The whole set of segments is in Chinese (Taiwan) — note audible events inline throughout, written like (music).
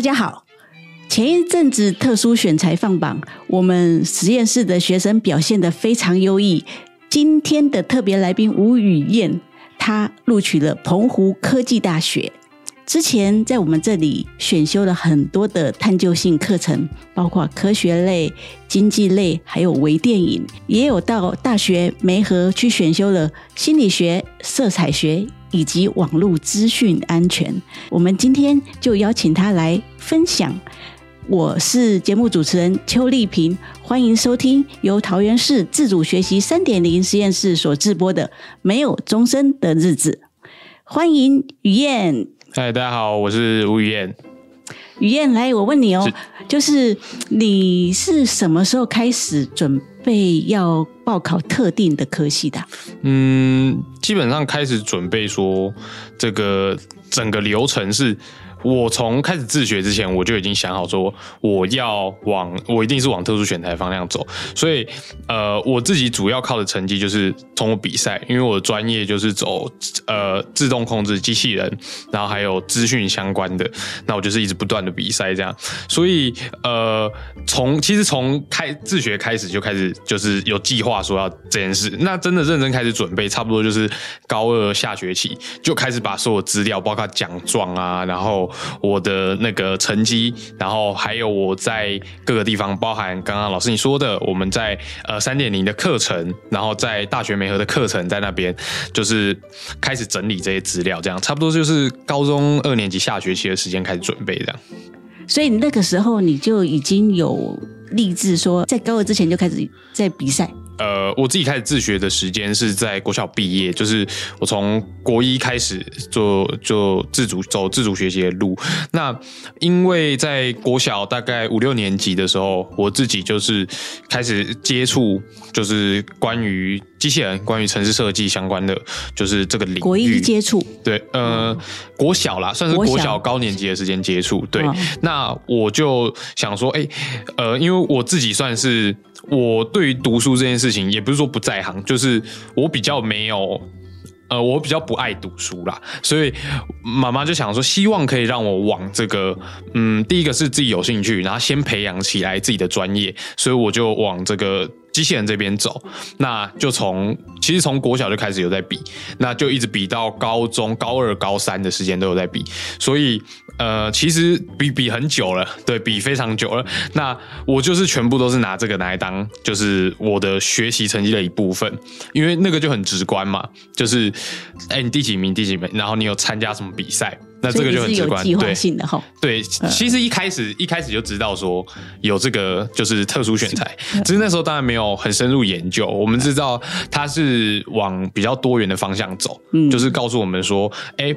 大家好，前一陣子特殊選才放榜，我們實驗室的學生表現得非常優異。今天的特別來賓吳宇硯，她錄取了澎湖科技大學。之前在我們這裡選修了很多的探究性課程，包括科學類、經濟類，還有微電影，也有到大學媒合去選修了心理學、色彩學以及網絡資訊安全。我們今天就邀請他來，分享，我是節目主持人邱儷萍，歡迎收聽由桃園市自主學習三點零實驗室所製播的《沒有鐘聲的日子》。歡迎宇硯，嗨，大家好，我是吳宇硯。宇硯，來，我問你哦，是就是你是什麼時候開始準備要報考特定的科系的啊？嗯，基本上開始準備，說這個整個流程是。我從開始自學之前，我就已經想好說我要往我一定是往特殊選才方向走，所以呃，我自己主要靠的成績就是通過比賽，因為我的專業就是走呃自動控制、機器人，然後還有資訊相關的，那我就是一直不斷的比賽這樣，所以呃，從其實從開自學開始就開始就是有計劃說要這件事，那真的認真開始準備，差不多就是高二下學期就開始把所有資料，包括獎狀啊，然後。我的那個成績，然後還有我在各個地方，包含剛剛老師你說的，我們在呃三點零的課程，然後在大學美和的課程，在那邊就是開始整理這些資料，這樣差不多就是高中二年級下學期的時間開始準備這樣。所以那個時候你就已經有立志說，在高二之前就開始在比賽。呃，我自己開始自學的時間是在國小畢業，就是我從國一開始做做自主，走自主學習的路。那因為在國小大概五六年級的時候，我自己就是開始接觸，就是關於機器人、關於程式設計相關的就是這個領域。國一接觸？對，呃，嗯、國小啦，算是國小高年級的時間接觸。國小。對，嗯、那我就想說，哎，呃，因為我自己算是。我對於讀書這件事情，也不是說不在行，就是我比較沒有，呃，我比較不愛讀書啦，所以媽媽就想說，希望可以讓我往這個，嗯，第一個是自己有興趣，然後先培養起來自己的專業，所以我就往這個機器人這邊走，那就從其實從國小就開始有在比，那就一直比到高中、高二、高三的時間都有在比，所以。呃，其實比比很久了，對比非常久了。那我就是全部都是拿這個來當，就是我的學習成績的一部分，因為那個就很直觀嘛。就是，哎，你第幾名，第幾名？然後你有參加什麼比賽？那這個就很直觀，對，對，其實一開始、嗯、一開始就知道說有這個就是特殊選才，是嗯、只是那時候當然沒有很深入研究，我們知道他是往比較多元的方向走，嗯、就是告訴我們說，哎、欸，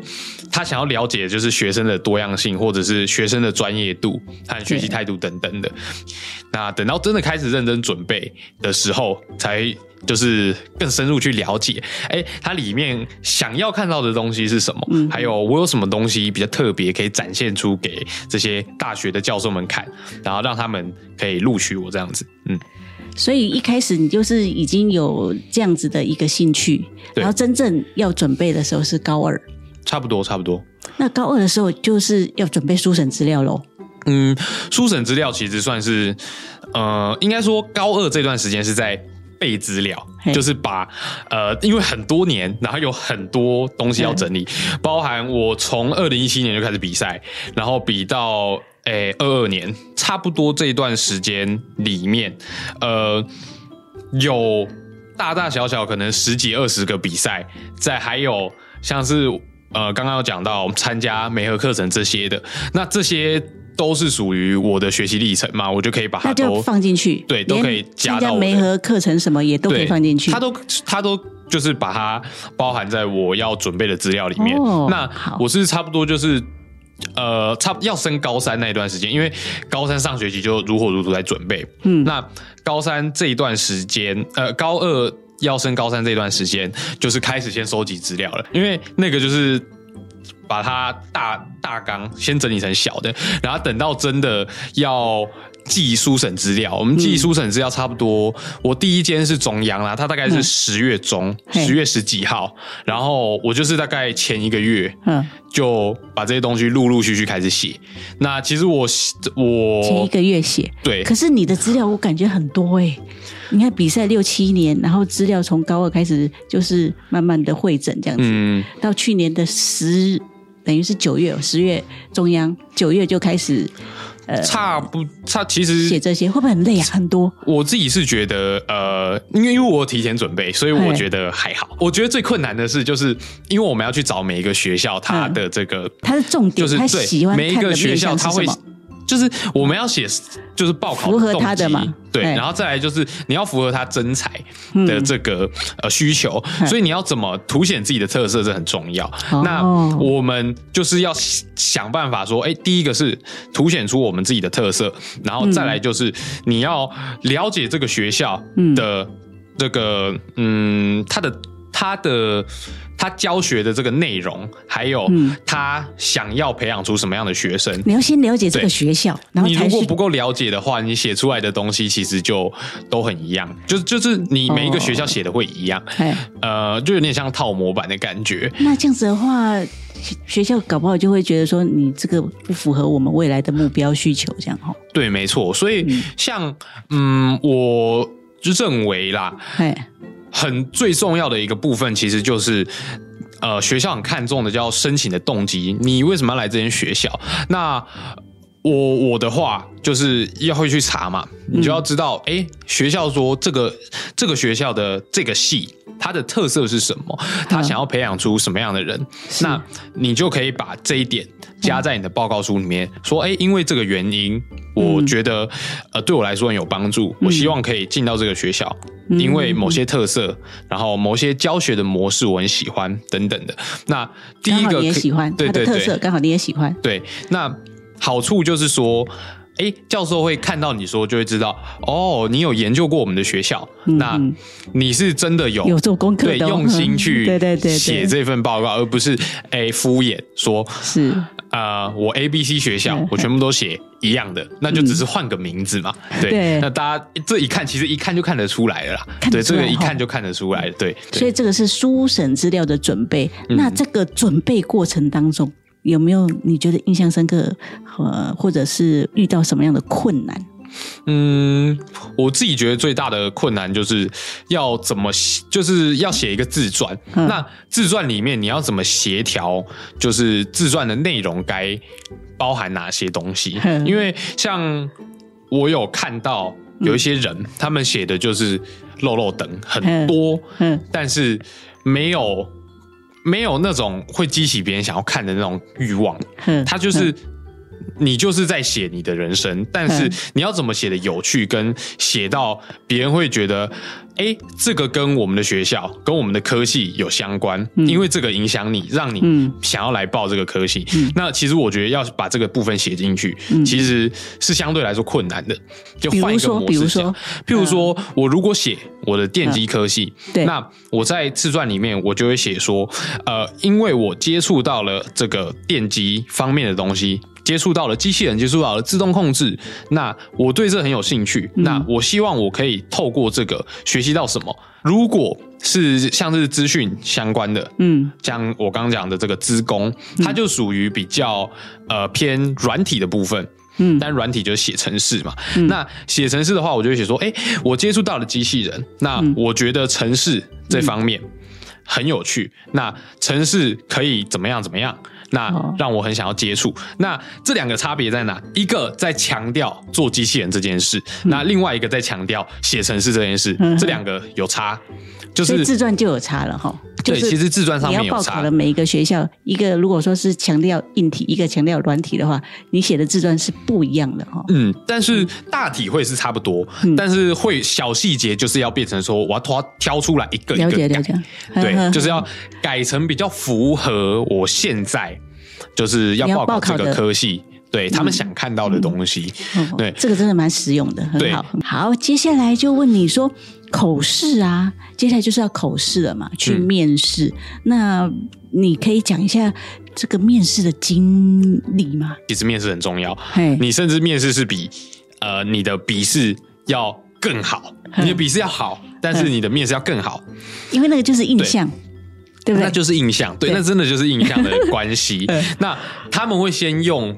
他想要了解就是學生的多樣性，或者是學生的專業度和學習態度等等的。對那等到真的開始認真準備的時候，才。就是更深入去了解，哎，它裡面想要看到的東西是什麼？嗯，還有我有什麼東西比較特別，可以展現出給這些大學的教授們看，然後讓他們可以錄取我這樣子。嗯，所以一開始你就是已經有這樣子的一個興趣， (laughs) 然後真正要準備的時候是高二，差不多差不多。那高二的時候就是要準備書審資料嘍。嗯，書審資料其實算是，呃，應該說高二這段時間是在備資料嘿就是把呃，因為很多年，然後有很多東西要整理，嘿包含我從二零一七年就開始比賽，然後比到誒二二年，差不多這一段時間裡面，呃，有大大小小可能十幾二十個比賽，再還有像是呃剛剛有講到我們參加美和課程這些的，那這些。都是屬於我的學習歷程嘛，我就可以把它都就放進去。對，連都可以到加到。人家媒合課程什麼也都可以放進去。他都他都就是把它包含在我要準備的資料裡面。哦，那我是差不多就是好呃，差不多要升高三那一段時間，因為高三上學期就如火如荼在準備。嗯，那高三這一段時間，呃，高二要升高三這一段時間，就是開始先收集資料了，因為那個就是。把它大大綱先整理成小的，然後等到真的要寄書審資料，我們寄書審資料差不多。嗯、我第一間是中央啦，他大概是十月中，十、嗯、月十幾號，嘿然後我就是大概前一個月，嗯，就把這些東西陸陸續續開始寫。嗯、那其實我我前一個月寫，對，可是你的資料我感覺很多哎、欸，你看比賽六七年，然後資料從高二開始就是慢慢的彙整這樣子，嗯、到去年的十。等於是九月、十月，中央九月就開始，呃，差不差？其實寫這些會不會很累啊？很多，我自己是覺得，呃，因為因為我有提前準備，所以我覺得還好。對我覺得最困難的是，就是因為我們要去找每一個學校，它的這個、嗯就是、它是重點，就是它喜歡對每一個學校，它會。就是我們要寫，就是報考的動機他的對，然後再來就是你要符合他真才的這個呃需求，嗯、所以你要怎麼凸顯自己的特色，這很重要。哦、那我們就是要想辦法說，哎，第一個是凸顯出我們自己的特色，然後再來就是你要了解這個學校的這個嗯，他的他的。他教學的這個內容，還有他想要培養出什麼樣的學生，你要先了解這個學校。對然後你如果不夠了解的話，你寫出來的東西其實就都很一樣，就是就是你每一個學校寫的會一樣，哦、呃，就有點像套模板的感覺。那這樣子的話，學校搞不好就會覺得說你這個不符合我們未來的目標需求，這樣哦，對，沒錯。所以嗯像嗯，我就認為啦，哎。很最重要的一個部分，其實就是，呃，學校很看重的叫申請的動機，你為什麼要來這間學校？那我我的話就是要會去查嘛，你就要知道，哎，嗯，欸，學校說這個這個學校的這個系它的特色是什麼，他想要培養出什麼樣的人，嗯，那，是，你就可以把這一點。加在你的報告書裡面，說：“哎，因為這個原因，我覺得，呃，對我來說很有幫助。我希望可以進到這個學校，因為某些特色，然後某些教學的模式我很喜歡，等等的。那第一個，對對對，剛好你也喜歡，對。那好處就是說，哎，教授會看到你說，就會知道，哦，你有研究過我們的學校，那你是真的有有做功課，對，用心去寫這份報告，而不是哎，敷衍說，是。”呃，我 A、B、C 學校，我全部都寫嘿一樣的，那就只是換個名字嘛。嗯、對，對那大家這一看，其實一看就看得出來了啦。對，對這個一看就看得出來。嗯、對，所以這個是書審資料的準備。嗯、那這個準備過程當中，嗯、有沒有你覺得印象深刻，和、呃、或者是遇到什麼樣的困難？嗯，我自己覺得最大的困難就是要怎麼，就是要寫一個自傳。嗯、那自傳裡面你要怎麼協調？就是自傳的內容該包含哪些東西？嗯、因為像我有看到有一些人，嗯、他們寫的就是落落長很多，嗯，嗯、但是沒有沒有那種會激起別人想要看的那種欲望。嗯，他就是。嗯你就是在寫你的人生，但是你要怎麼寫的有趣，跟寫到別人會覺得，哎、欸，這個跟我們的學校、跟我們的科系有相關，嗯、因為這個影響你，讓你想要來報這個科系。嗯、那其實我覺得要把這個部分寫進去，嗯、其實是相對來說困難的。就換一個模式講，比如說，比如說嗯、譬如說我如果寫我的電機科系，嗯、那我在自傳裡面我就會寫說，呃，因為我接觸到了這個電機方面的東西。接觸到了機器人，接觸到了自動控制，那我對這很有興趣。嗯、那我希望我可以透過這個學習到什麼？如果是像是資訊相關的，嗯，像我剛剛講的這個資工，嗯、它就屬於比較呃偏軟體的部分，嗯，但軟體就寫程式嘛。嗯、那寫程式的話，我就會寫說，哎，我接觸到了機器人，那我覺得程式這方面很有趣。嗯嗯、那程式可以怎麼樣怎麼樣？那讓我很想要接觸。那這兩個差別在哪？一個在強調做機器人這件事，那另外一個在強調寫程式這件事。這兩個有差，就是自傳就有差了齁。對，其實自傳上面要報考了每一個學校，一個如果說是強調硬體，一個強調軟體的話，你寫的自傳是不一樣的齁。嗯，但是大體會是差不多，但是會小細節就是要變成說我要挑出來一個一個。了解了解。對，就是要改成比較符合我現在。就是要報考這個科系，對他們想看到的東西。對，這個真的蠻實用的，很好。好，接下來就問你說口試啊，接下來就是要口試了嘛，去面試。那你可以講一下這個面試的經歷嗎？其實面試很重要，你甚至面試是比呃你的筆試要更好，你的筆試要好，但是你的面試要更好，因為那個就是印象。對對，那就是印象，對，對那真的就是印象的關係。 (laughs) 嗯、那他們會先用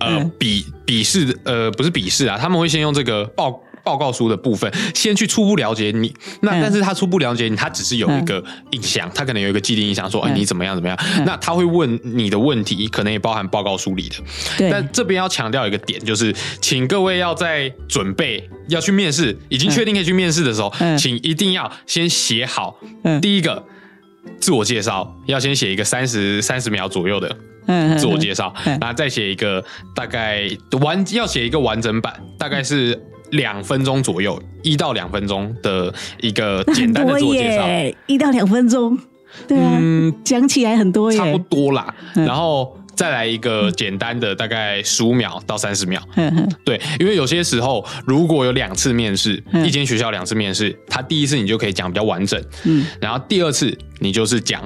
呃筆筆試呃不是筆試啊，他們會先用這個報報告書的部分，先去初步了解你。那、嗯、但是他初步了解你，他只是有一個印象，嗯、他可能有一個既定印象說，哎你怎麼樣怎麼樣。嗯、那他會問你的問題，可能也包含報告書裡的。嗯、但這邊要強調一個點，就是請各位要在準備要去面試，已經確定可以去面試的時候，嗯、請一定要先寫好、嗯、第一個。自我介紹要先寫一個三十三十秒左右的、嗯、自我介紹，嗯、然後再寫一個、嗯、大概完要寫一個完整版，大概是兩分鐘左右，一到兩分鐘的一個簡單的自我介紹，一到兩分鐘，對啊，嗯、講起來很多耶，差不多啦，然後。嗯再來一個簡單的，大概十五秒到三十秒。對，因為有些時候如果有兩次面試，一間學校兩次面試，他第一次你就可以講比較完整。然後第二次你就是講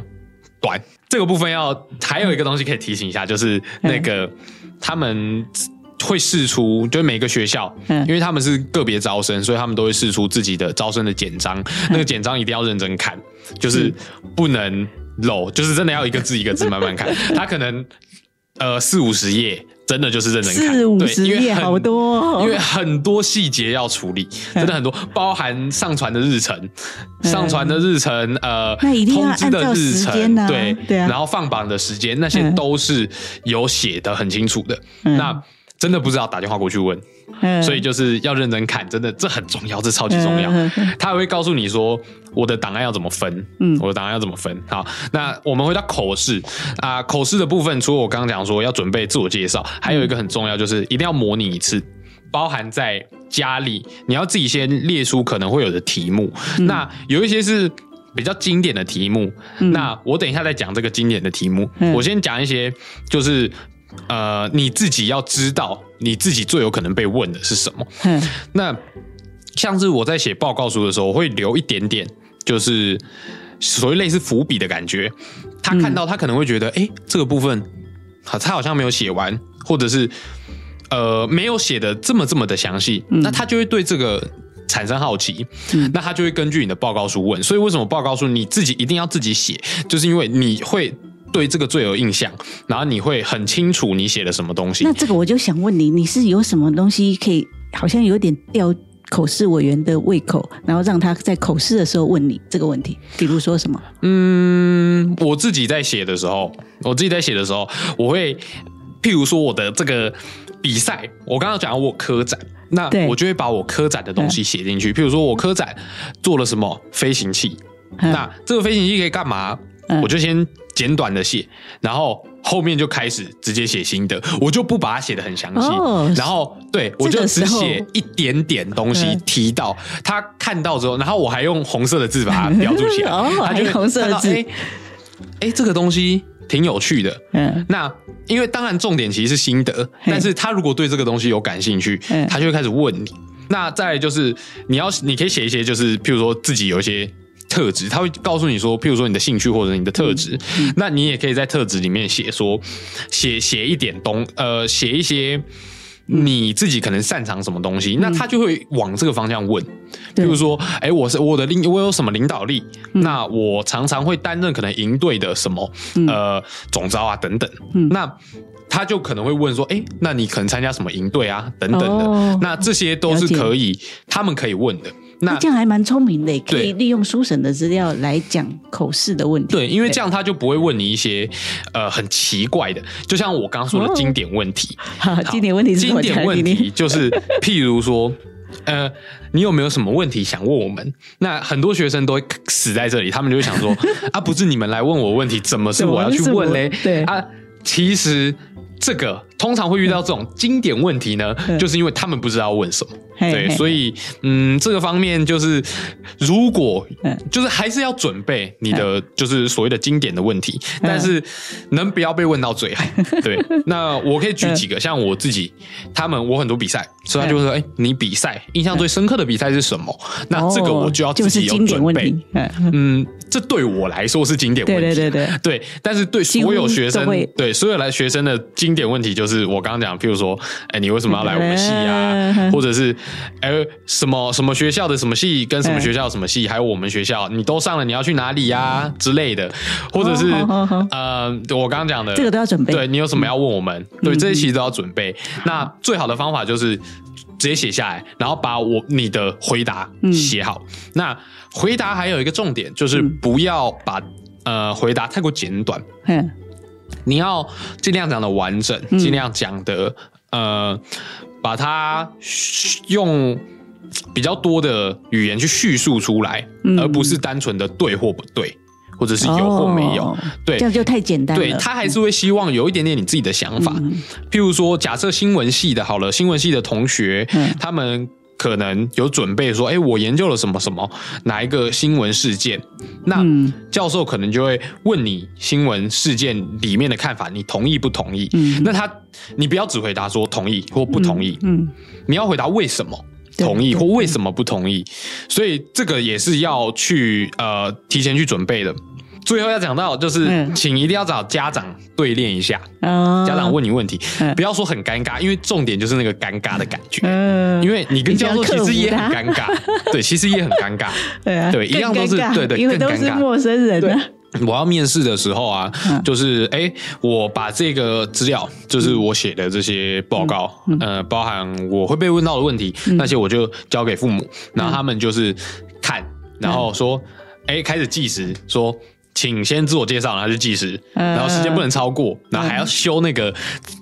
短，這個部分要還有一個東西可以提醒一下，就是那個他們會釋出，就是每個學校，因為他們是個別招生，所以他們都會釋出自己的招生的簡章，那個簡章一定要認真看，就是不能。囉就是真的要一個字一個字慢慢看， (laughs) 他可能呃四五十頁，4, 真的就是認真看，四五十頁好多，因為很多細節要處理，嗯、真的很多，包含上傳的日程，嗯、上傳的日程，呃，啊、通知的日程，啊、對對、啊、然後放榜的時間，那些都是有寫的很清楚的，嗯、那真的不知道打電話過去問。 (noise) 所以就是要認真看，真的這很重要，這超級重要。 (noise) 他會告訴你說我的檔案要怎麼分，嗯，我的檔案要怎麼分。好，那我們回到口試啊、呃，口試的部分，除了我剛剛講說要準備自我介紹，還有一個很重要就是一定要模擬一次，包含在家裡，你要自己先列出可能會有的題目。嗯、那有一些是比較經典的題目，嗯、那我等一下再講這個經典的題目，嗯、我先講一些就是呃你自己要知道。你自己最有可能被問的是什麼？哼那像是我在寫報告書的時候，我會留一點點，就是所謂類似伏筆的感覺。他看到他可能會覺得，哎、嗯，這個部分好，他好像沒有寫完，或者是呃沒有寫的這麼這麼的詳細，嗯、那他就會對這個產生好奇。嗯、那他就會根據你的報告書問。所以為什麼報告書你自己一定要自己寫？就是因為你會。對這個最有印象，然後你會很清楚你寫了什麼東西。那這個我就想問你，你是有什麼東西可以，好像有點吊口試委員的胃口，然後讓他在口試的時候問你這個問題？比如說什麼？嗯，我自己在寫的時候，我自己在寫的時候，我會譬如說我的這個比賽，我剛剛講我科展，那我就會把我科展的東西寫進去。譬對如說我科展做了什麼、嗯、飛行器，嗯、那這個飛行器可以幹嘛？嗯、我就先。簡短的寫，然後後面就開始直接寫心得，我就不把它寫的很詳細。哦、然後對這個我就只寫一點點東西，提到他看到之後，然後我還用紅色的字把它標注起來。哦，他就看到紅色的字哎，哎，這個東西挺有趣的。嗯，那因為當然重點其實是心得，嗯、但是他如果對這個東西有感興趣，嗯、他就會開始問你。那再就是你要你可以寫一些，就是譬如說自己有一些。特質，他會告訴你說，譬如說你的興趣或者你的特質，嗯嗯、那你也可以在特質裡面寫說，寫寫一點東，呃，寫一些你自己可能擅長什麼東西，嗯、那他就會往這個方向問，嗯、譬如說，哎對、欸，我是我的領，我有什麼領導力？嗯、那我常常會擔任可能營隊的什麼，嗯、呃，總召啊等等，嗯、那。他就可能會問說：“誒，那你可能參加什麼營隊啊？等等的，那這些都是可以，他們可以問的。那這樣還蠻聰明的，可以利用書審的資料來講口試的問題。對，因為這樣他就不會問你一些呃很奇怪的，就像我剛剛說的經典問題。好，經典問題是什麼？經典問題就是譬如說，呃，你有沒有什麼問題想問我們？那很多學生都會死在這裡，他們就會想說：啊，不是你們來問我問題，怎麼是我要去問嘞？對啊。”其實。這個通常會遇到這種經典問題呢，就是因為他們不知道問什麼，對，所以嗯，這個方面就是如果就是還是要準備你的就是所謂的經典的問題，但是能不要被問到最好。對，那我可以舉幾個，像我自己，他們我很多比賽，所以他就會說：“哎，你比賽印象最深刻的比賽是什麼？”那這個我就要自己有準備。嗯，這對我來說是經典問題，對對對對對，但是對所有學生，對所有來學生的經典。經典問題就是我剛剛講，譬如說，哎，你為什麼要來我們系呀？或者是，哎，什麼什麼學校的什麼系，跟什麼學校什麼系，還有我們學校，你都上了，你要去哪裡呀之類的？或者是嗯，我剛剛講的，這個都要準備。對，你有什麼要問我們？對，這些其實都要準備。那最好的方法就是直接寫下來，然後把我你的回答寫好。那回答還有一個重點，就是不要把呃回答太過簡短。你要盡量講得完整，盡量講得、嗯、呃，把它用比較多的語言去敘述出來，嗯、而不是單純的對或不對，或者是有或沒有。哦、對，這樣就太簡單了。對，他還是會希望有一點點你自己的想法。嗯、譬如說，假設新聞系的好了，新聞系的同學、嗯、他們。可能有準備說，哎、欸，我研究了什麼什麼哪一個新聞事件，那、嗯、教授可能就會問你新聞事件裡面的看法，你同意不同意？嗯、哼，那他你不要只回答說同意或不同意，嗯嗯、你要回答為什麼同意或為什麼不同意，對對對，所以這個也是要去呃提前去準備的。最後要講到就是，請一定要找家長對練一下。家長問你問題，不要說很尷尬，因為重點就是那個尷尬的感覺。因為你跟教授其實也很尷尬，對，其實也很尷尬。對啊，對，一樣都是對對，因為都是陌生人啊。我要面試的時候啊，就是哎，我把這個資料，就是我寫的這些報告，呃，包含我會被問到的問題，那些我就交給父母，然後他們就是看，然後說，哎，開始計時，說。請先自我介紹，然後去計時，嗯、然後時間不能超過，然後還要修那個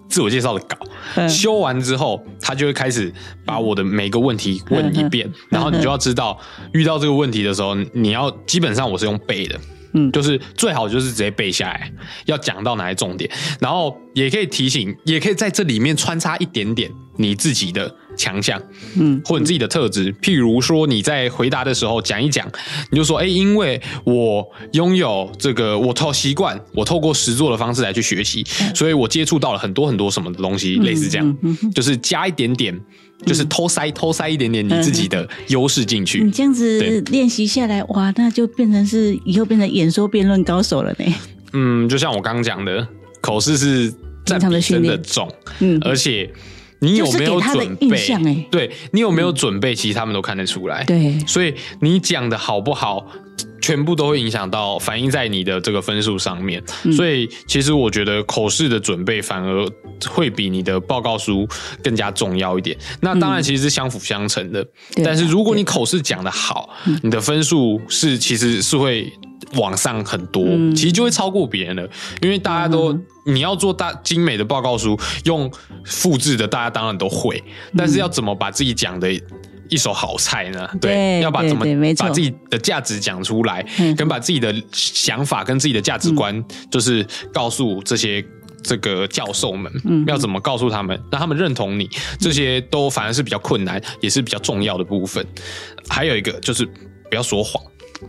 自我介紹的稿。對修完之後，他就會開始把我的每個問題問一遍，嗯、然後你就要知道，嗯、遇到這個問題的時候，你要，基本上我是用背的。嗯，就是最好就是直接背下來，要講到哪些重點，然後也可以提醒，也可以在這裡面穿插一點點你自己的強項，嗯，或者你自己的特質。譬如說你在回答的時候講一講，你就說，哎，因為我擁有這個，我透習慣，我透過實作的方式來去學習，所以我接觸到了很多很多什麼的東西，類似這樣，就是加一點點。就是偷塞、嗯、偷塞一點點你自己的優勢進去。你這樣子練習下來，對哇，那就變成是以後變成演說辯論高手了呢。嗯，就像我剛講的，口試是戰場的訓練重，嗯，而且你有沒有他的印象？哎，對你有沒有準備？其實他們都看得出來。對，所以你講的好不好？全部都會影響到，反映在你的這個分數上面。嗯、所以其實我覺得口試的準備反而會比你的報告書更加重要一點。那當然其實是相輔相成的。嗯、但是如果你口試講得好，嗯、你的分數是其實是會往上很多，嗯、其實就會超過別人的。因為大家都、嗯、你要做大精美的報告書，用複製的大家當然都會，但是要怎麼把自己講的。一手好菜呢，對，對要把怎麼把自己的價值講出來，跟把自己的想法跟自己的價值觀，就是告訴這些這個教授們，嗯、要怎麼告訴他們，讓他們認同你，這些都反而是比較困難，嗯、也是比較重要的部分。還有一個就是不要說謊，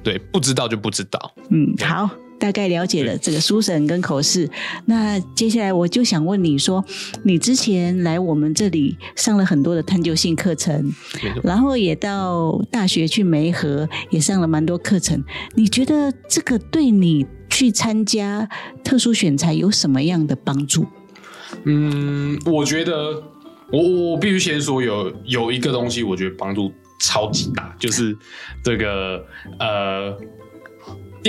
對，不知道就不知道。嗯，對好。大概了解了這個書審跟口試，對那接下來我就想問你說，你之前來我們這裡上了很多的探究性課程，錯然後也到大學去媒合，也上了蠻多課程，你覺得這個對你去參加特殊選才有什麼樣的幫助？嗯，我覺得我我我必須先說，有有一個東西，我覺得幫助超級大，嗯、就是這個呃。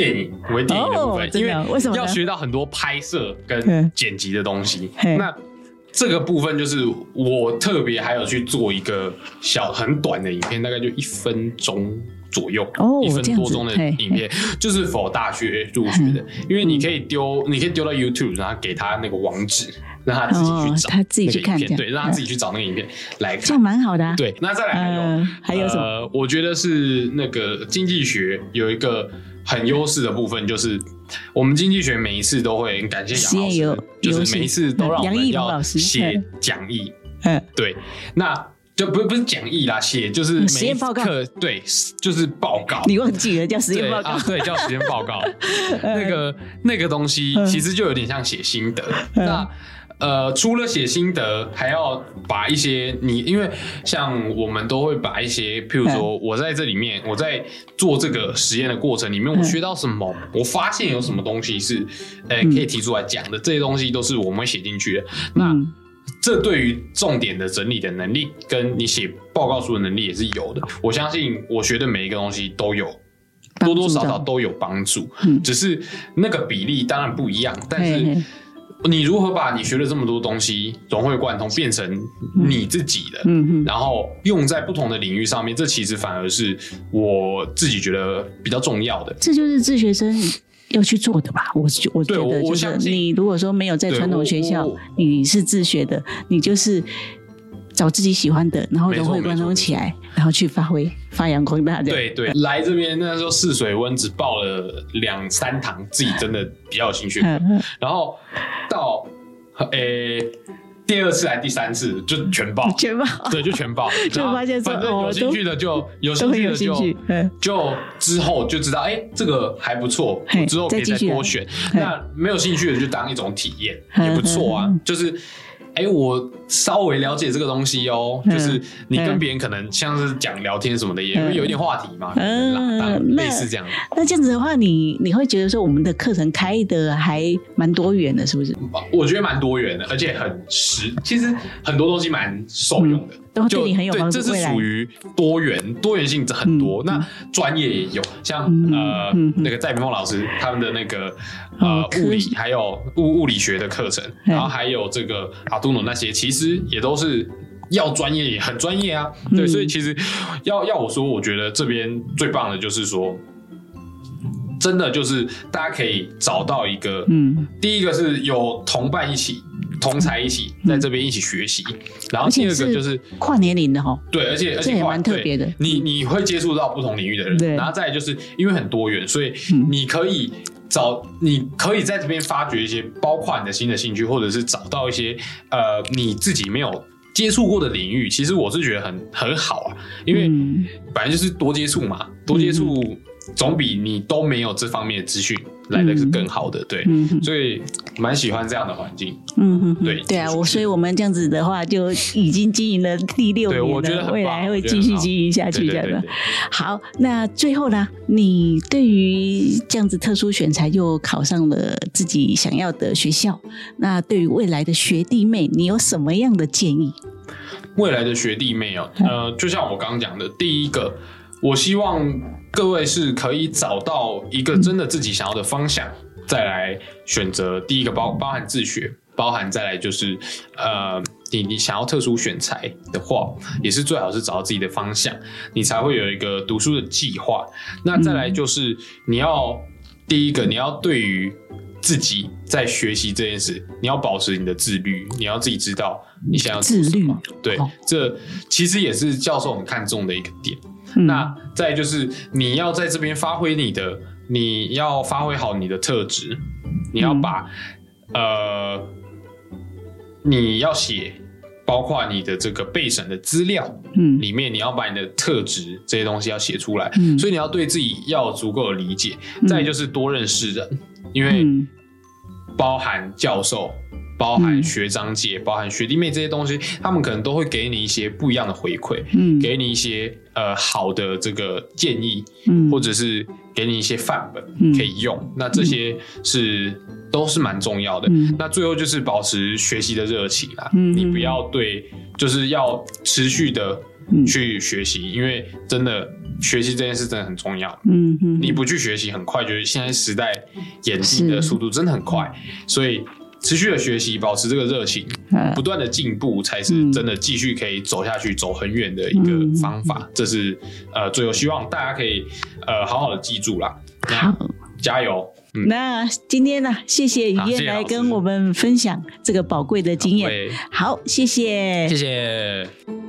電影為電影的部分，因為要學到很多拍攝跟剪輯的東西。那這個部分就是我特別還有去做一個小很短的影片，大概就一分鐘左右，哦，一分多鐘的影片，就是 for 大學入學的，因為你可以丟，你可以丟到 YouTube，然後給他那個網址，讓他自己去找，他自己去看，對，讓他自己去找那個影片來看，這樣蠻好的。對，那再來還有還有什麼？我覺得是那個經濟學有一個。很優勢的部分就是，我們經濟學每一次都會感謝楊老師，是就是每一次都讓我們要寫講義。嗯，嗯對，那就不是不是講義啦，寫就是實驗、嗯、報告。對，就是報告。你忘記了叫實驗報告對、啊，對，叫實驗報告。 (laughs) 嗯、那個那個東西其實就有點像寫心得。嗯、那。呃，除了寫心得，還要把一些你，因為像我們都會把一些，譬如說，我在這裡面，欸、我在做這個實驗的過程裡面，我學到什麼，欸、我發現有什麼東西是，呃、欸，欸、可以提出來講的，嗯、這些東西都是我們會寫進去的。那、嗯、這對於重點的整理的能力，跟你寫報告書的能力也是有的。我相信我學的每一個東西都有，多多少少都有幫助，助。嗯，只是那個比例當然不一樣，但是。嘿嘿。你如何把你學了這麼多東西融會貫通，變成你自己的，嗯，嗯哼，然後用在不同的領域上面？這其實反而是我自己覺得比較重要的。這就是自學生要去做的吧？我我覺得，就是你如果說沒有在傳統學校，你是自學的，你就是找自己喜歡的，然後融會貫通起來，然後去發揮發揚光大。對，對對，來這邊那時候試水溫，只報了兩三堂，自己真的比較有興趣， (laughs) 然後。到，誒、欸，第二次還第三次就全爆，全爆，對，就全爆 (laughs) 就發現，反正有興趣的就、哦、有興趣的就趣就之後就知道，哎、欸，這個還不錯，嘿之後可以再多選。再啊、那沒有興趣的就當一種體驗嘿也不錯啊，嗯嗯嗯、就是。哎、欸，我稍微了解這個東西哦、喔，嗯、就是你跟別人可能像是講聊天什麼的，也會有一點話題嘛，類似這樣。那。那這樣子的話你，你你會覺得說我們的課程開得還蠻多元的，是不是？我覺得蠻多元的，而且很實，其實很多東西蠻受用的。嗯都對對，這是屬於多元、多元性，這很多。那專業也有，像呃那個戴明峰戴明鳳老師他們的那個呃物理，還有物物理學的課程，然後還有這個 Arduino 那些，其實也都是要專業，也很專業啊。對，所以其實要要我說，我覺得這邊最棒的就是說，真的就是大家可以找到一個，嗯，第一個是有同伴一起。同才一起在這邊一起學習，嗯嗯、然後第二個就是，是跨年齡的哈，哦，對，而且而且也蠻特別的。你你會接觸到不同領域的人，嗯、然後再就是因為很多元，所以你可以找，你可以在這邊發掘一些，包括你的新的興趣，或者是找到一些呃你自己沒有接觸過的領域。其實我是覺得很很好啊，因為反正就是多接觸嘛，多接觸，嗯。嗯總比你都沒有這方面的資訊來的是更好的，嗯、對，嗯、哼所以蠻喜歡這樣的環境，嗯哼哼，對對啊，我所以我們這樣子的話，就已經經營了第六年，我覺得未來會繼續經營下下去，這樣好。那最後呢，你對於這樣子特殊選才又考上了自己想要的學校，那對於未來的學弟妹，你有什麼樣的建議？未來的學弟妹啊，好呃，就像我剛剛講的，第一個，我希望。各位是可以找到一個真的自己想要的方向，再來選擇第一個包包含自學，包含再來就是，呃，你你想要特殊選才的話，也是最好是找到自己的方向，你才會有一個讀書的計劃。那再來就是、嗯、你要第一個你要對於自己在學習這件事，你要保持你的自律，你要自己知道你想要做什麼，自律嘛。對，好這其實也是教授很看重的一個點。嗯、那再就是你要在這邊發揮你的，你要發揮好你的特質，你要把、嗯、呃，你要寫包括你的這個備審的資料，嗯，裡面你要把你的特質這些東西要寫出來，嗯、所以你要對自己要足夠的理解。嗯、再就是多認識人，因為包含教授、包含學長姐、嗯、包含學弟妹這些東西，他們可能都會給你一些不一樣的回饋，嗯，給你一些。呃，好的，這個建議，嗯、或者是給你一些範本可以用，嗯、那這些是、嗯、都是蠻重要的。嗯、那最後就是保持學習的熱情啦，嗯、哼你不要對，就是要持續的去學習，嗯、因為真的學習這件事真的很重要，嗯、哼你不去學習，很快就是現在時代演進的速度真的很快，是所以。持續的學習，保持這個熱情，嗯、不斷的進步，才是真的繼續可以走下去，走很遠的一個方法。嗯、這是呃最後希望大家可以呃好好的記住了。好，加油！嗯、那今天呢，啊，謝謝宇硯來跟我們分享這個寶貴的經驗。啊、謝謝，好，謝謝，謝謝。